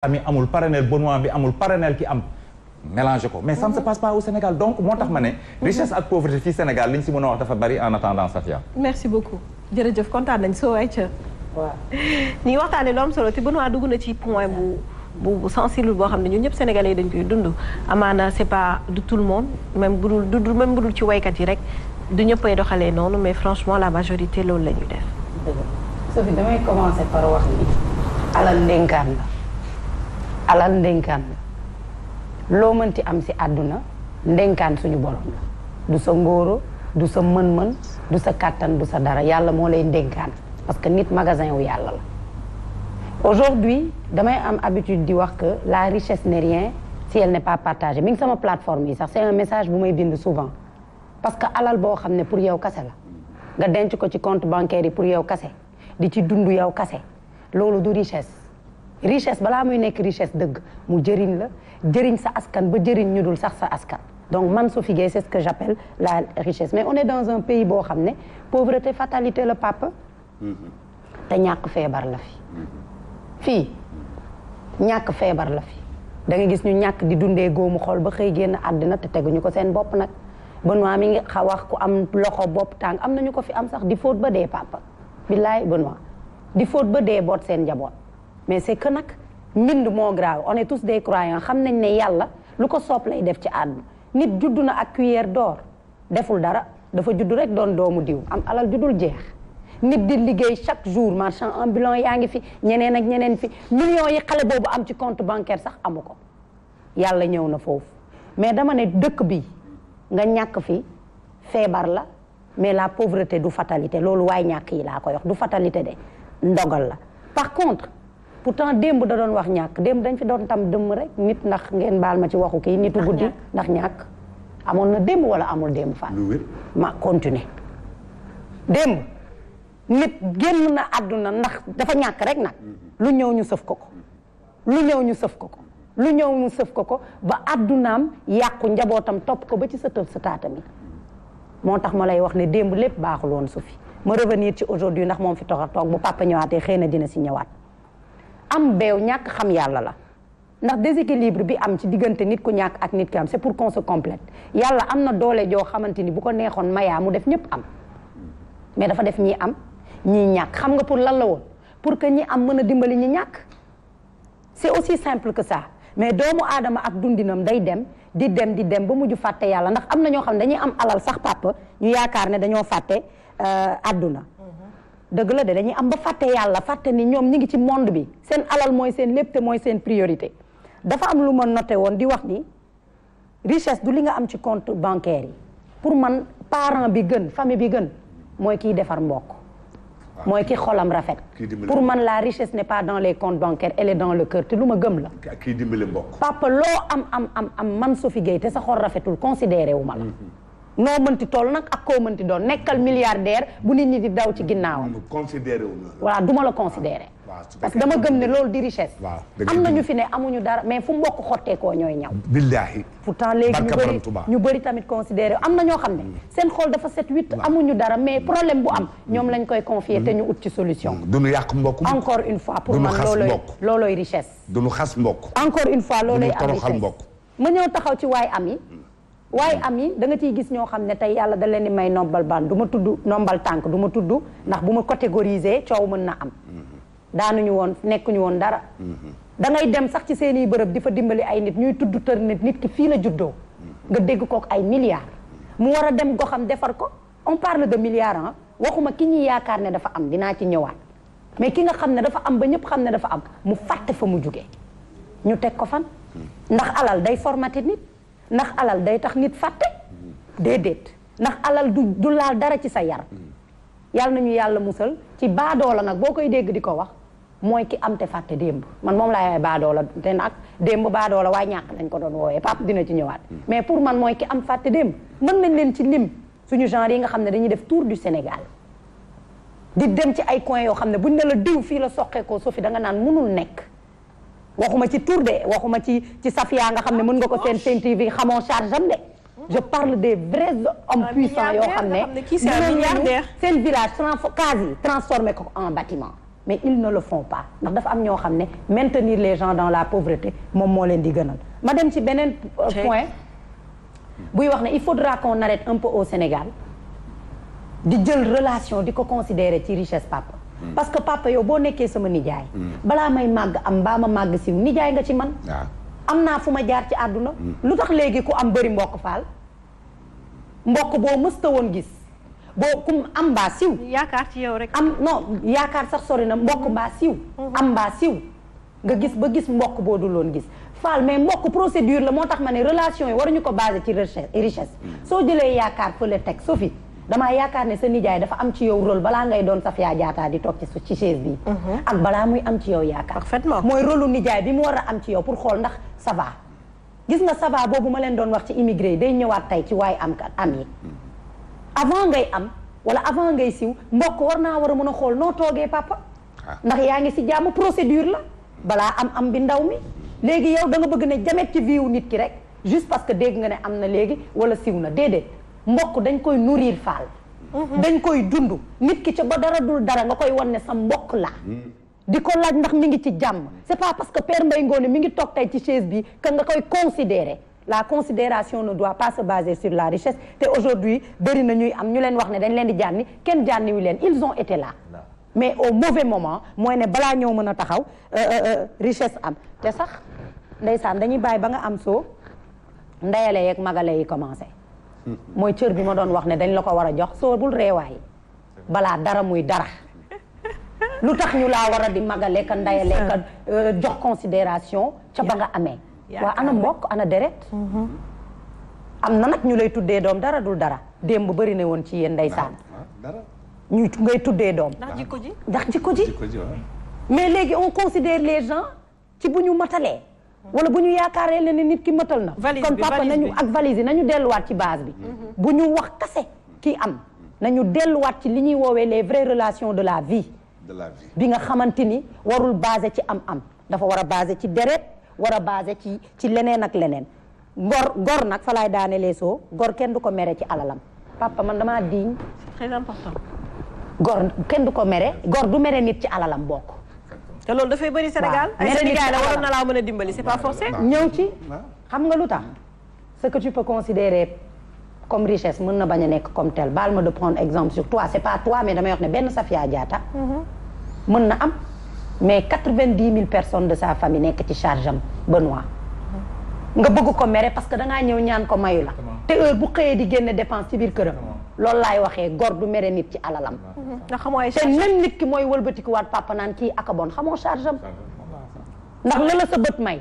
ami amul parrainel Benoît bi amul parrainel ki am mélange mais ça ne se mhm. passe pas moo tax ma ne mhm. richesse ak pauvreté fii kontaan nañ soo wecc waaw ñu ngi solo te Benoît dugg na ci point bu bu sensible boo xam ne ñun ñëpp sénégalais dañ koy dund amaana c'est pas de tout le monde même bu dul du même bu dul ci waykat yi rek du ñëppay doxalee noonu mais franchement la majorité loolu la ñuy def. dëgg la Sophie damay commencer alal ndénkaan la loo mënti am si àdduna ndénkaan suñu borom la du sa ngóoro du sa mën-mën du sa kàttan du sa dara yàlla moo lay ndénkaan parce que nit magasin wu yàlla la aujourd'hui damay am habitude di wax que la richesse n'est rien si elle n'est pas partagée mi ngi sama plateforme yi sax c'est un message bu may bind souvent parce que alal boo xam ne pour yow kase la nga denc ko ci compte bancaire yi pour yow kase di ci dund yow kase loolu du richesse richesse balaa muy nekk richesse dëgg mu jëriñ la jëriñ sa askan ba jëriñ ñu dul sax sa askan donc man su figee c'est ce que j'appelle la richesse mais on est dans un pays boo xam ne pauvreté fatalité la papa mm-hmm. te ñàkk feebar la fi mm-hmm. fii ñàkk feebar la fi da nga gis ñu ñàkk di dundee góomu xool ba xëy génn àddina te teguñu ko seen bopp nag Benoît mi ngi xa wax ku am loxo bopp tàng am nañu ko fi am sax di fóot ba dee pàppa billaay Benoît di fóot ba dee boot seen njaboot mais c'est que nag mbind moo grave on est tous des croyants xam nañ ne yàlla lu ko soob lay def ci àdduna nit juddu na ak cuillère door deful dara dafa juddu rek doon doomu diw am alal judul jeex nit di liggéey chaque jour marchand ambulant yaa ngi fi ñeneen ak ñeneen fi millions yi xale boobu am ci compte bancaire sax amu ko yàlla ñëw na foofu mais dama ne dëkk bi nga ñàkk fi feebar la mais la pauvreté du fatalité loolu waaye ñàkk yi laa ko yox du fatalité de la pourtant démb da doon wax ñàkk démb dañ fi doon tam dëmm rek nit ndax ngeen baal ma ci waxu kii nitu guddi ndax ñàkk amoon na démb wala amul démb fan ma continuer démb nit génn na àdduna ndax dafa ñàkk rek nag mhm. lu ñëw ñu sëf ko ko lu ñëw ñu sëf ko ko lu ñëw ñu sëf ko ko ba àddunaam yàqu njabootam topp ko ba ci sëtëb sa taatam yi moo tax ma lay wax ne démb lépp baaxuloon woon su fi ma revenir ci aujourd'hui ndax moom fi toog a toog bu papa ñëwaatee xëy na dina si ñëwaat am beew ñàkk xam yàlla la ndax déséquilibre bi am ci diggante nit ku ñàkk ak nit ki am c'est pour qu'on se complète yàlla am na doole joo xamante ni bu ko neexoon mayaa mu def ñëpp am mais dafa def ñi am ñi ñàkk xam nga pour lan la woon pour que ñi am mën a dimbali ñi ñàkk c'est aussi simple que ça mais doomu aadama ak dundinam day dem di dem di dem ba mujj fàtte yàlla ndax am na ñoo xam ne dañuy am alal sax papa ñu yaakaar ne dañoo fàtte euh, àdduna mm-hmm. dëgg la de dañuy am ba fàtte yàlla fàtte ni ñoom ñi ngi ci monde bi seen alal mooy seen lépp te mooy seen priorité dafa am lu ma noté woon di wax ni richesse du li nga am ci compte bancaire yi pour man parent bi gën famille bi gën mooy kiy defar mbokk mooy ki xolam rafet pour man laa richesse n'est pas dans les comptes bancaires elle dans le cœur te lu ma gëm la kii dimbali mbokk loo am am am man Sophie Gueye te sa xol rafetul considéré wu ma la mm-hmm. noo mënti toll nag ak koo mënti doon nekkal milliardaire bu nit ñi di daw ci ginnaawam. considéré wu voilà la considéré. Ah, parce que dama gëm ne loolu di richesse. am na ñu fi ne amuñu dara mais fu mbokk xotteekoo ñooy ñaw. billaahi pourtant léegi ñu bëri ñu bëri tamit considéré am na ñoo xam ne. Mm. seen xool dafa set huit amuñu dara mais mm. problème bu am ñoom mm. lañ koy confier te ñu ut ci solution. duñu yàq mbokk encore une fois pour man loolooy loolooy richesse. duñu xas mbokk. encore une fois loolooy am richesse ma ñëw taxaw ci waay am yi waaye am yi da nga ciy gis ñoo xam ne tey yàlla da leen di may nombal ban du ma tudd nombal tànk du ma tudd ndax bu ma catégoriser coow mën na am mm-hmm. daanuñu woon nekkuñu woon dara mm-hmm. dangay dem sax ci seeni bërëb di fa dimbali ay nit ñuy tudd tër nit nit ki fii la juddoo mm-hmm. nga dégg kook ay milliards mu war a dem goxam defar ko on parle de milliards ah waxuma ki ñuy yaakaar ne dafa am dinaa ci ñëwaat mais ki nga xam ne dafa am ba ñëpp xam ne dafa am mu fàtte fa mu jugee ñu teg ko fan ndax alal day formaté nit ndax alal day tax nit fàtte déedéet ndax alal du du laal dara ci sa yar yàlla na ñu yàlla musal ci baadoola nag boo koy dégg di ko wax mooy ki am te fàtte démb man moom laa yaay baadoola te nag démb baadoola waaye ñàkk nañ ko doon woowee pap dina ci ñëwaat hmm. mais pour man mooy ki am fàtte démb mën nañ leen ci lim suñu genre yi nga xam ne dañuy def tour du Sénégal di dem ci ay coins yoo xam ne buñ ne la diw fii la soqeekoo Sophie da nga naan munul nekk waxuma ci tour de waxuma ci ci Safia nga xam ne mën nga ko seen seen TV xamoo charge am de je parle des vrais hommes puissants yoo xam ne seen village case yi transformé ko en bâtiment mais ils ne le font pas ndax dafa am ñoo xam ne maintenir les gens dans la pauvreté moom moo leen di gënal ma dem ci beneen euh, point buy wax ne il faut qu'on arrête un peu au Sénégal di jël relation di ko considérer ci richesse papa Mm. parce que papa yow boo nekkee sama nijaay. Mm. balaa may màgg am mbaa ma màgg siw nijaay nga ci man. am naa fu ma jaar ci àdduna. Mm. lu tax léegi ku am bëri mbokk faal. mbokk boo mësta woon gis. boo kum am mbaa siw. yaakaar ci yow rek. am non yaakaar sax sori na mbokk mbaa siw. Mm-hmm. am mbaa siw. nga gis ba gis mbokk boo dul gis. faal mais mbokk procédure la moo tax ma ne relation yi waruñu ko basé ci richesse. soo jëlee yaakaar fële teg Sophie damaa yaakaar ne sa nijaay dafa am ci yow rôle balaa ngay doon Safia Diatta di toog ci ci chaise bi mhm. ak balaa muy am ci yow yaakaar parfaitement mooy rôle nijaay bi mu war a am ci yow pour xool ndax ça gis nga ça va boobu ma leen doon wax ci immigré day ñëwaat tey ci waaye am am yi mhm. avant ngay am wala avant ngay siw mbokk war naa war a mën a xool noo toogee papa ah. ndax yaa ngi si jàmm procédure la balaa am am bi ndaw mi léegi yow da bëgg ne jamet ci viiwu nit ki rek juste parce que dégg nga ne am na léegi wala siw na déedéet mbokk dañ koy nourrir faal mhm. dañ koy dund nit ki ca ba dara dul dara nga koy wan ne sa mbokk la mhm. di ko laaj ndax mi ngi ci jàmm c'est pas parce que Père Mbaye Ngoné mi ngi toog tey ci chaise bi que nga koy considérer la considération ne doit pas base sur la richesse te aujourd'hui bëri na ñuy am ñu leen wax ne dañ leen di jànni kenn jànniwu leen ils ont été là mais au mauvais moment mooy ne balaa ñëw mën a taxaw euh, euh, euh, richesse am te sax ndeysaan dañuy bàyyi ba nga am soo ndeyale yeeg magale yi commencé mooy cër bi ma doon wax ne dañ la ko war a jox soo bul reewaay balaa dara muy dara lu tax ñu laa war a di magale ka ndayale ka euh, jox considération ca ba nga amee waa ana mbokk ana deret mm-hmm. am na nag ñu lay tuddee doom dara dul dara démb bëri na woon ci yéen ndeysaan ah, ah, ñu ngay tuddee doom ndax jikko ji ndax jikko ji mais léegi on considère les ci bu ñu matalee wala bu ñu yaakaaree ne nit ki mëtal na kon papa nañu ak valise yi nañu delluwaat ci base bi mhm. bu ñu wax kase kii am nañu delluwaat ci li ñuy woowee les vraies relations de la vie bi nga xamante ni warul basé ci am am dafa war a basé ci deret war a basé ci ci leneen ak leneen ngor ngor nag falaay daane lee soo ngor kenn du ko mere ci alalam papa man damaa diñ c'est très important gor kenn du ko mere gor du mere nit ci alalam bokk te loolu dafay bëri Sénégal ay Sénégal la waroon na laa mën a dimbali c'est pas forcé ñëw ci xam nga lu tax ce que tu peux considérer comme richesse mën na bañ a nekk comme tel baal ma de prendre exemple sur toi c'est pas toi mais damay wax ne benn Safia Diatta mm-hmm. mën na am mais quatre-vingt-dix mille personnes de sa famille nekk ci charge am Benoît mm-hmm. nga bëgg ko mere parce que dangaa ñëw ñaan ko mayu la te heure bu xëyee di génne dépense ci biir këram loolu laay waxee góor du mere nit ci alalam. Mhm. ndax xamoo ay te même nit mooy wëlbatikuwaat papa naan kii ak a bon xamoo charge am. ndax la la sa bët may.